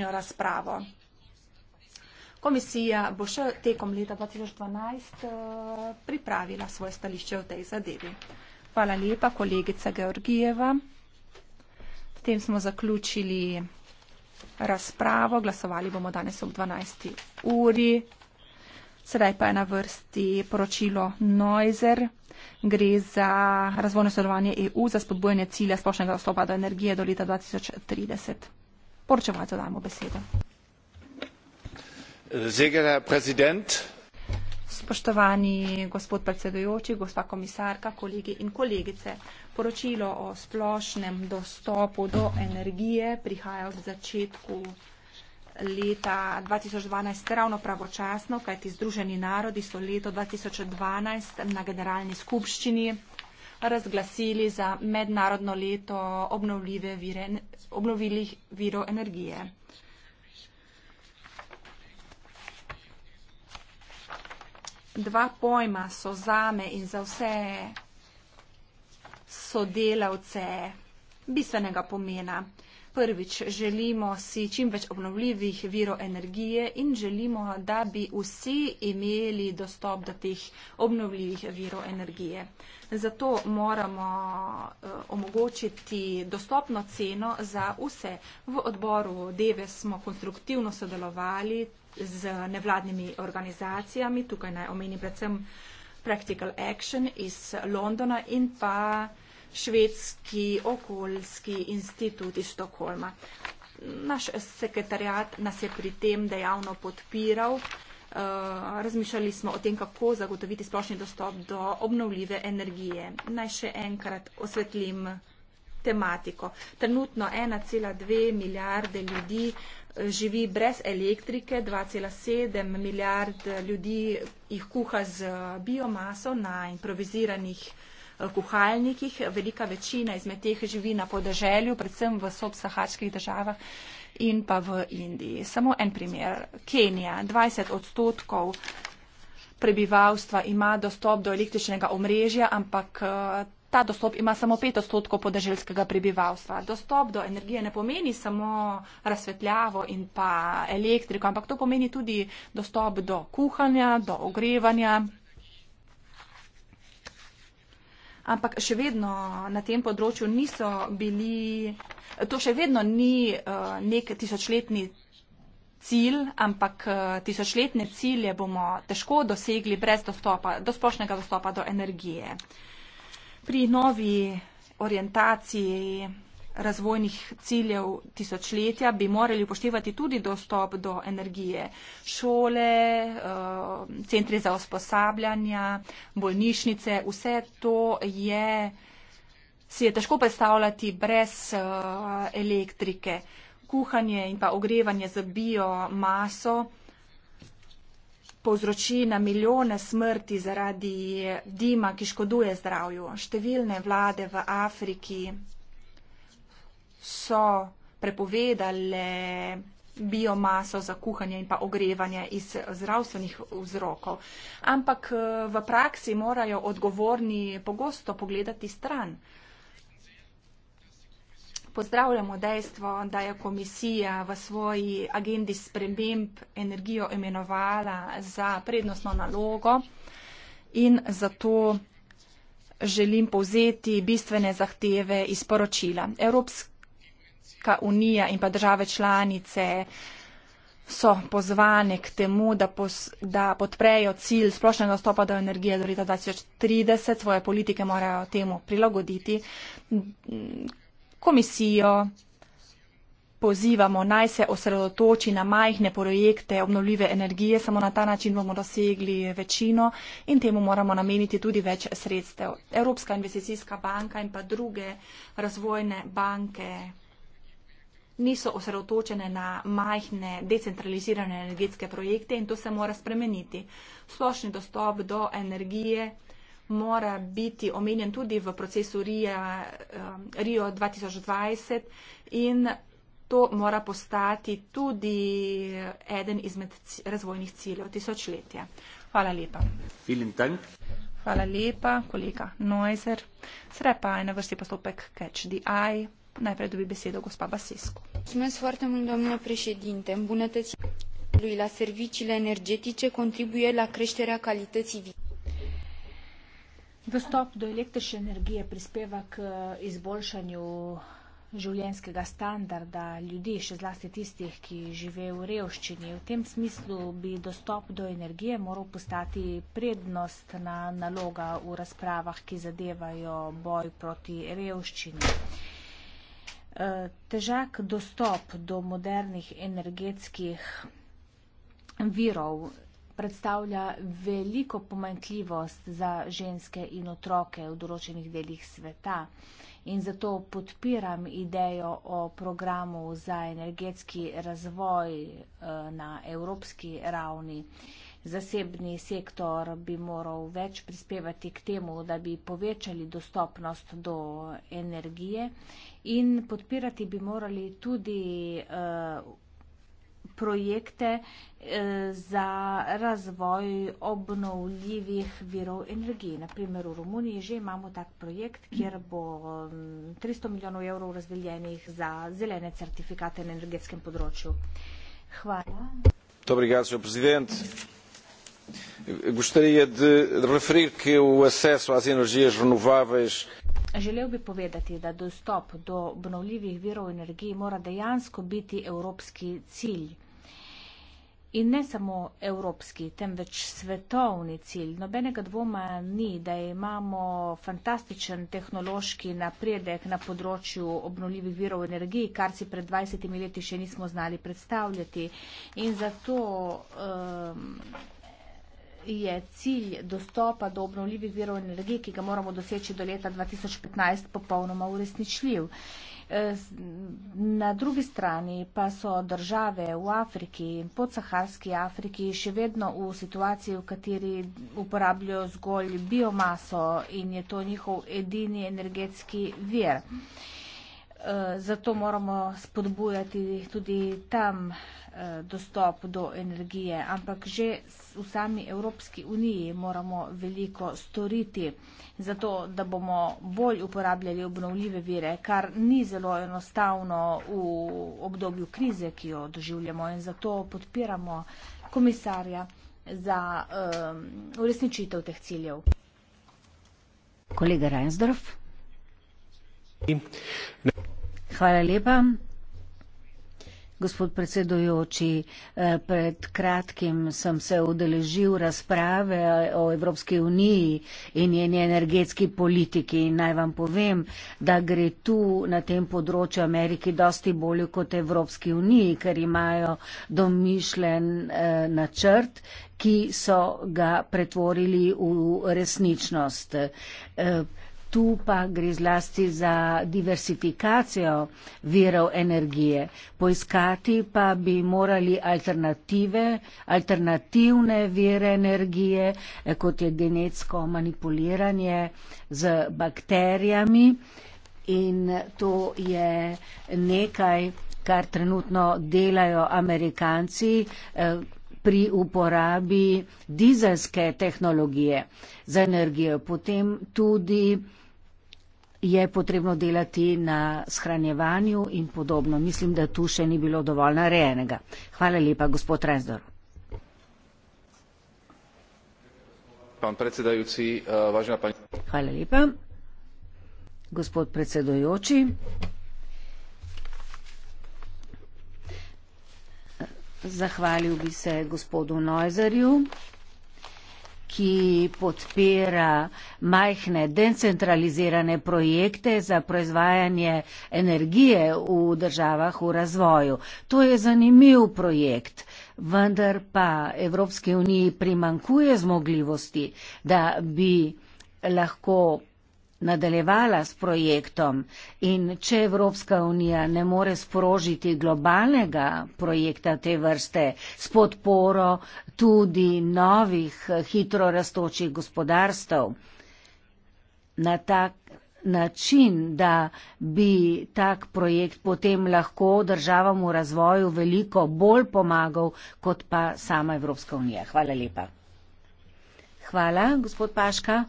današnjo razpravo. Komisija bo še tekom leta 2012 eh, pripravila svoje stališče v tej zadevi. Hvala lepa, kolegica Georgijeva. S tem smo zaključili razpravo. Glasovali bomo danes ob 12. uri. Sedaj pa je na vrsti poročilo Neuser. Gre za razvojno sodelovanje EU za spodbojanje cilja splošnega dostopa do energije do leta 2030 poročevalcu dajemo besedo. Spoštovani gospod predsedujoči, gospa komisarka, kolegi in kolegice. Poročilo o splošnem dostopu do energije prihaja v začetku leta 2012 ravno pravočasno, kajti Združeni narodi so leto 2012 na generalni skupščini razglasili za mednarodno leto obnovljive vire obnovljivih virov energije. Dva pojma so zame in za vse sodelavce bistvenega pomena. Prvič, želimo si čim več obnovljivih virov energije in želimo, da bi vsi imeli dostop do teh obnovljivih virov energije. Zato moramo eh, omogočiti dostopno ceno za vse. V odboru Deve smo konstruktivno sodelovali z nevladnimi organizacijami, tukaj naj omenim predvsem Practical Action iz Londona in pa. Švedski okoljski institut iz Stokholma. Naš sekretarjat nas je pri tem dejavno podpiral. Uh, razmišljali smo o tem, kako zagotoviti splošni dostop do obnovljive energije. Naj še enkrat osvetlim tematiko. Trenutno 1,2 milijarde ljudi eh, živi brez elektrike, 2,7 milijard ljudi jih kuha z biomaso na improviziranih uh, kuhalnikih. Velika večina izmed teh živi na podeželju, predvsem v subsahačkih državah in pa v Indiji. Samo en primer. Kenija. 20 odstotkov prebivalstva ima dostop do električnega omrežja, ampak. Eh, ta dostop ima samo 5 odstotkov podeželskega prebivalstva. Dostop do energije ne pomeni samo razsvetljavo in pa elektriko, ampak to pomeni tudi dostop do kuhanja, do ogrevanja. ampak še vedno na tem področju niso bili, to še vedno ni uh, nek tisočletni cilj, ampak uh, tisočletne cilje bomo težko dosegli brez dostopa, do splošnega dostopa do energije. Pri novi orientaciji razvojnih ciljev tisočletja, bi morali upoštevati tudi dostop do energije. Šole, eh, centri za usposabljanja, bolnišnice, vse to je, si je težko predstavljati brez eh, elektrike. Kuhanje in pa ogrevanje z biomaso povzroči na milijone smrti zaradi dima, ki škoduje zdravju. Številne vlade v Afriki so prepovedale biomaso za kuhanje in pa ogrevanje iz zdravstvenih vzrokov. Ampak eh, v praksi morajo odgovorni pogosto pogledati stran. Pozdravljamo dejstvo, da je komisija v svoji agendi sprememb energijo imenovala za prednostno nalogo in zato želim povzeti bistvene zahteve iz poročila. Evropski Evropska unija in pa države članice so pozvane k temu, da, pos, da podprejo cilj splošnega dostopa do energije do leta 2030, svoje politike morajo temu prilagoditi. Komisijo pozivamo naj se osredotoči na majhne projekte obnovljive energije, samo na ta način bomo dosegli večino in temu moramo nameniti tudi več sredstev. Evropska investicijska banka in pa druge razvojne banke niso osredotočene na majhne decentralizirane energetske projekte in to se mora spremeniti. Splošni dostop do energije mora biti omenjen tudi v procesu um, Rio, Rio 2020 in to mora postati tudi eden izmed razvojnih ciljev tisočletja. Hvala lepa. Hvala lepa, kolega Neuser. Sreba je na vrsti postopek Catch the Eye. Najprej dobi besedo gospa Basisko îmbunătăirea accesului la serviciile energetice contribuie la creterea calităii vieii Доступ до електричной энергии приспевок к изболшению жилинского стандарта людей, еще зласти тистих, ки живе у реушчини. В тем смыслу би доступ до энергии морал постати предност на налога у расправах, ки задевайо бой проти реушчини. Eh, težak dostop do modernih energetskih virov predstavlja veliko pomankljivost za ženske in otroke v določenih delih sveta in zato podpiram idejo o programu za energetski razvoj eh, na evropski ravni zasebni sektor bi moral več prispevati k temu, da bi povečali dostopnost do energije in podpirati bi morali tudi eh, projekte eh, za razvoj obnovljivih virov energije. Naprimer v Romuniji že imamo tak projekt, kjer bo 300 mm, milijonov evrov razdeljenih za zelene certifikate na energetskem področju. Hvala. Obrigado, Sr. Presidente. Gostaria de referir que o acesso às energias renováveis. Želel bi povedati, da dostop do obnovljivih virov energiji mora dejansko biti evropski cilj. In ne samo evropski, temveč svetovni cilj. Nobenega dvoma ni, da imamo fantastičen tehnološki napredek na področju obnovljivih virov energiji, kar si pred 20 leti še nismo znali predstavljati. In zato. Um, je cilj dostopa do obnovljivih virov energije, ki ga moramo doseči do leta 2015, popolnoma uresničljiv. E, na drugi strani pa so države v Afriki, podsaharski Afriki, še vedno v situaciji, v kateri uporabljajo zgolj biomaso in je to njihov edini energetski vir. Eh, zato moramo spodbujati tudi tam eh, dostop do energije. Ampak že v sami Evropski uniji moramo veliko storiti za to, da bomo bolj uporabljali obnovljive vire, kar ni zelo enostavno v obdobju krize, ki jo doživljamo. In zato podpiramo komisarja za eh, uresničitev teh ciljev. Kolega Reinsdorf. Hvala lepa. Gospod predsedujoči, eh, pred kratkim sem se udeležil razprave o Evropski uniji in njeni energetski politiki. Naj vam povem, da gre tu na tem področju Ameriki dosti bolje kot Evropski uniji, ker imajo domišljen eh, načrt ki so ga pretvorili v resničnost. Eh, tu pa gre zlasti za diversifikacijo virov energije. Poiskati pa bi morali alternative, alternativne vire energije, eh, kot je genetsko manipuliranje z bakterijami. In to je nekaj, kar trenutno delajo Amerikanci eh, pri uporabi dizelske tehnologije za energijo. Potem tudi je potrebno delati na shranjevanju in podobno. Mislim, da tu še ni bilo dovolj narejenega. Hvala lepa, gospod Rezdor. Pan predsedajoči, eh, važna pani. Hvala lepa. Gospod predsedajoči. Zahvalil bi se gospodu Neuzerju ki podpira majhne decentralizirane projekte za proizvajanje energije v državah v razvoju. To je zanimiv projekt, vendar pa Evropske unije primankuje zmogljivosti, da bi lahko nadaljevala s projektom in če Evropska unija ne more sprožiti globalnega projekta te vrste s podporo tudi novih hitro rastočih gospodarstv na tak način, da bi tak projekt potem lahko državam v razvoju veliko bolj pomagal kot pa sama Evropska unija. Hvala lepa. Hvala, gospod Paška.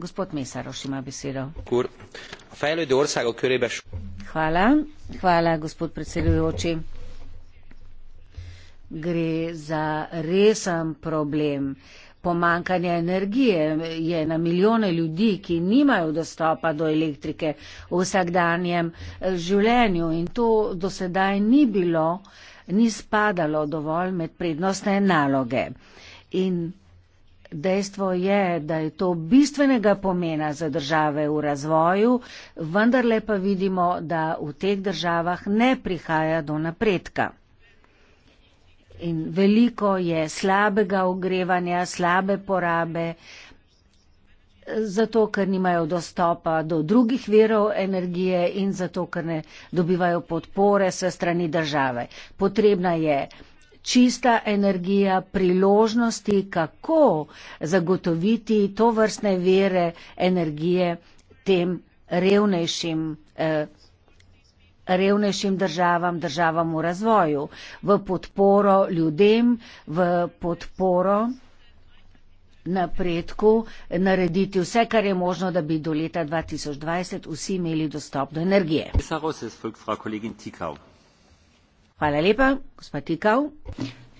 Hvala, hvala gospod predsedujoči. Gre za resen problem. Pomankanje energije je na milijone ljudi, ki nimajo dostopa do elektrike v vsakdanjem eh, življenju in to do sedaj ni bilo, ni spadalo dovolj med prednostne naloge. In Dejstvo je, da je to bistvenega pomena za države v razvoju, vendar le pa vidimo, da v teh državah ne prihaja do napredka. In veliko je slabega ogrevanja, slabe porabe, zato ker nimajo dostopa do drugih verov energije in zato ker ne dobivajo podpore se strani države. Potrebna je čista energija, priložnosti, kako zagotoviti to vrstne vere energije tem revnejšim, eh, revnejšim državam, državam v razvoju, v podporo ljudem, v podporo napredku, narediti vse, kar je možno, da bi do leta 2020 vsi imeli dostop do energije. Hvala lepa. Gospa Tikal.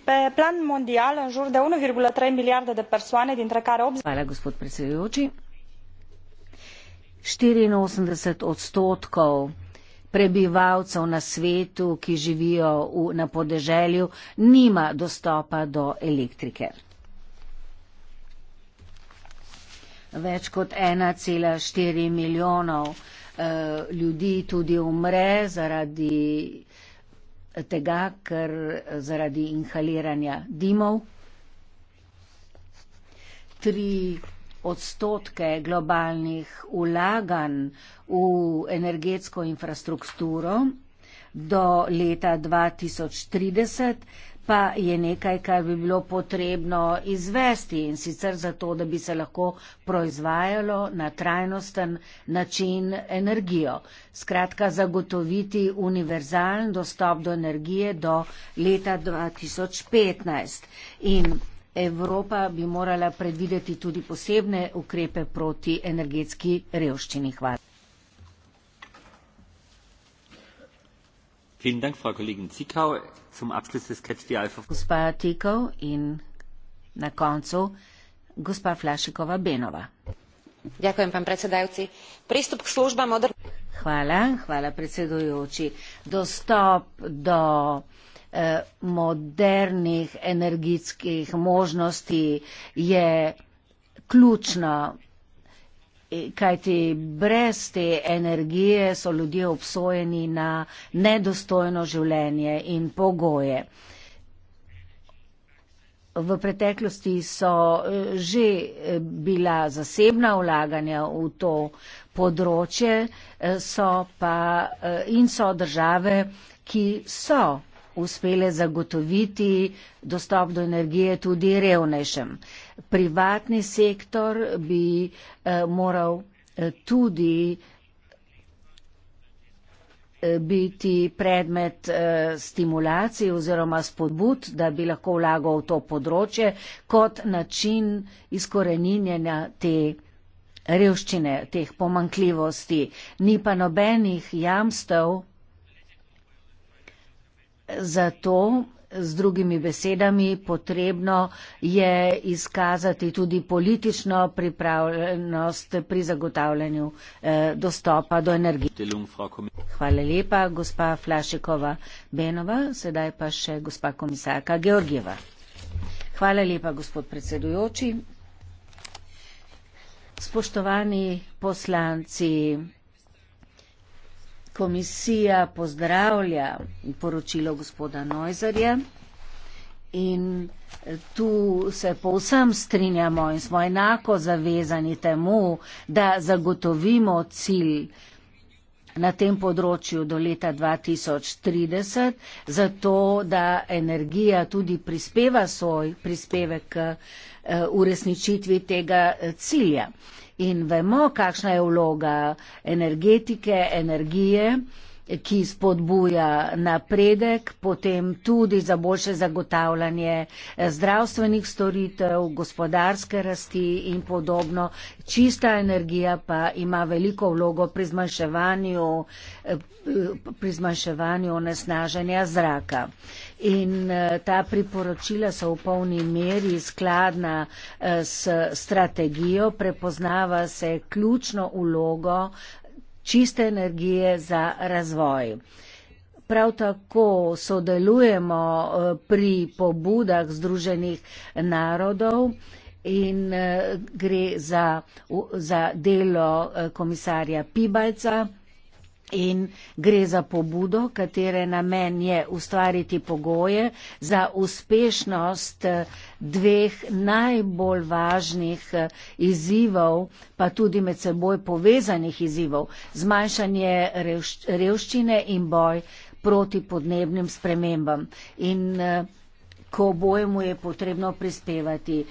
Pe plan mondial în jur de 1,3 miliarde de persoane, dintre care 80... Hvala, gospod predsedujoči. 84 odstotkov prebivalcev na svetu, ki živijo v, na podeželju, nima dostopa do elektrike. Več kot 1,4 milijonov uh, ljudi tudi umre zaradi tega, ker zaradi inhaliranja dimov. Tri odstotke globalnih ulaganj v energetsko infrastrukturo do leta 2030 pa je nekaj, kar bi bilo potrebno izvesti in sicer zato, da bi se lahko proizvajalo na trajnosten način energijo. Skratka, zagotoviti univerzalen dostop do energije do leta 2015. In Evropa bi morala predvideti tudi posebne ukrepe proti energetski revščini. Hvala. Gospa Tikov in na koncu gospa Flašikova Benova. Ďakujem, pán predsedajúci. Prístup k službám moder... Hvala, hvala predsedujúči. Dostop do e, modernih energetskih možnosti je ključno kajti brez te energije so ljudje obsojeni na nedostojno življenje in pogoje. V preteklosti so eh, že eh, bila zasebna vlaganja v to področje eh, so pa, in so države, ki so uspele zagotoviti dostop do energije tudi revnejšem. Privatni sektor bi eh, moral eh, tudi eh, biti predmet stimulacij oziroma spodbud, da bi lahko vlagal v to področje kot način izkoreninjanja te revščine, teh pomankljivosti. Ni pa nobenih jamstev, Zato, z drugimi besedami, potrebno je izkazati tudi politično pripravljenost pri zagotavljanju eh, dostopa do energije. Hvala lepa, gospa Flašikova Benova, sedaj pa še gospa komisarka Georgieva. Hvala lepa, gospod predsedujoči. Spoštovani poslanci komisija pozdravlja poročilo gospoda Nojzarja in tu se povsem strinjamo in smo enako zavezani temu, da zagotovimo cilj na tem področju do leta 2030, zato da energija tudi prispeva svoj prispevek k eh, uresničitvi tega eh, cilja. In vemo, kakšna je vloga energetike, energije ki spodbuja napredek, potem tudi za boljše zagotavljanje eh, zdravstvenih storitev, gospodarske rasti in podobno. Čista energija pa ima veliko vlogo pri zmanjševanju eh, onesnaženja zraka. In eh, ta priporočila so v polni meri skladna s strategijo, prepoznava se ključno ulogo čiste energije za razvoj. Prav tako sodelujemo eh, pri pobudah Združenih narodov in eh, gre za, za delo eh, komisarja Pibalca in gre za pobudo, katere namen je ustvariti pogoje za uspešnost eh, dveh najbolj važnih eh, izzivov, pa tudi med seboj povezanih izzivov - zmanjšanje revščine in boj proti podnebnim spremembam. In eh, k obojemu je potrebno prispevati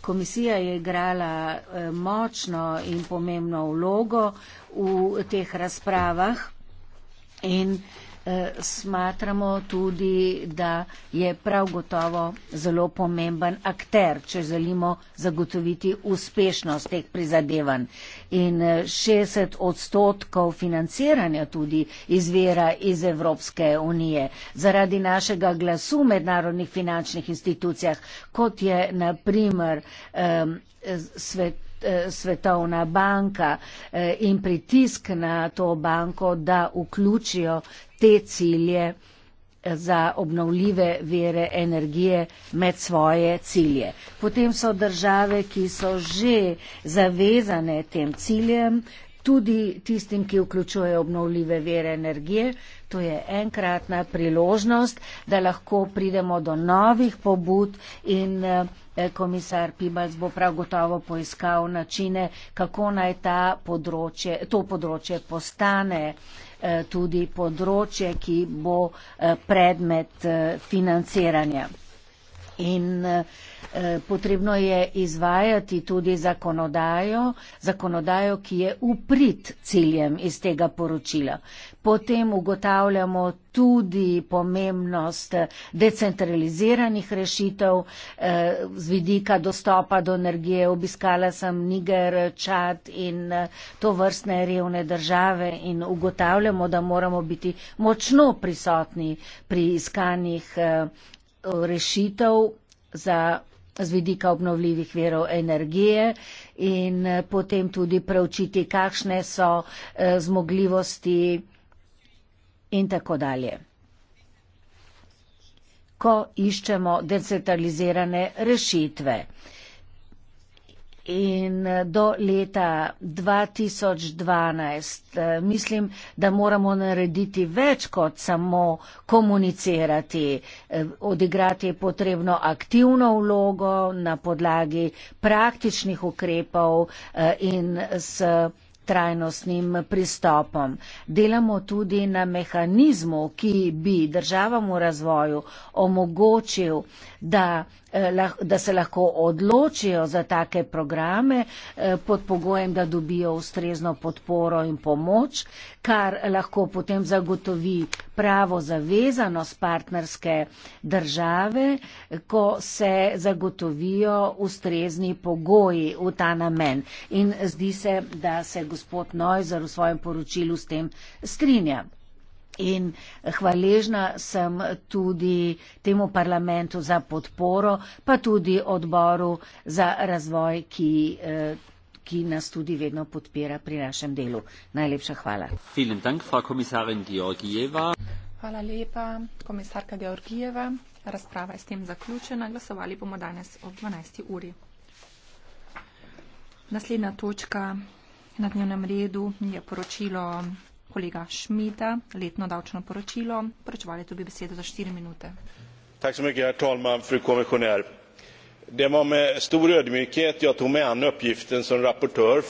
Komisija je igrala eh, močno in pomembno vlogo v teh razpravah in Eh, smatramo tudi, da je prav gotovo zelo pomemben akter, če želimo zagotoviti uspešnost teh prizadevanj. In 60 eh, odstotkov financiranja tudi izvira iz Evropske unije. Zaradi našega glasu v mednarodnih finančnih institucijah, kot je naprimer um, eh, svet. Eh, Svetovna banka eh, in pritisk na to banko, da vključijo te cilje eh, za obnovljive vere energije med svoje cilje. Potem so države, ki so že zavezane tem ciljem, tudi tistim, ki vključujejo obnovljive vere energije. To je enkratna priložnost, da lahko pridemo do novih pobud in eh, komisar Pibals bo prav gotovo poiskal načine, kako naj področje, to področje postane eh, tudi področje, ki bo eh, predmet financiranja in eh, potrebno je izvajati tudi zakonodajo, zakonodajo, ki je uprit ciljem iz tega poročila. Potem ugotavljamo tudi pomembnost decentraliziranih rešitev eh, z vidika dostopa do energije. Obiskala sem Niger, Čad in eh, to vrstne revne države in ugotavljamo, da moramo biti močno prisotni pri iskanjih rešitev za z vidika obnovljivih verov energije in eh, potem tudi preučiti, kakšne so eh, zmogljivosti in tako dalje. Ko iščemo decentralizirane rešitve in eh, do leta 2012 eh, mislim, da moramo narediti več kot samo komunicirati. Eh, odigrati je potrebno aktivno vlogo na podlagi praktičnih ukrepov in s trajnostnim pristopom. Delamo tudi na mehanizmu, ki bi državam v razvoju omogočil, da Eh, da se lahko odločijo za take programe eh, pod pogojem, da dobijo ustrezno podporo in pomoč, kar lahko potem zagotovi pravo zavezanost partnerske države, ko se zagotovijo ustrezni pogoji v ta namen. In zdi se, da se gospod Nojzer v svojem poročilu s tem strinja. In hvaležna sem tudi temu parlamentu za podporo, pa tudi odboru za razvoj, ki, eh, ki nas tudi vedno podpira pri našem delu. Najlepša hvala. Hvala lepa, komisarka Georgijeva. Razprava je s tem zaključena. Glasovali bomo danes ob 12. uri. Naslednja točka na dnevnem redu je poročilo kolega Schmidta, letno davčno poročilo. Poročevali tu bi besedo za štiri minute. Tak så mycket, herr talman, fru kommissionär. Det var med stor ödmjukhet jag tog mig an uppgiften som rapportör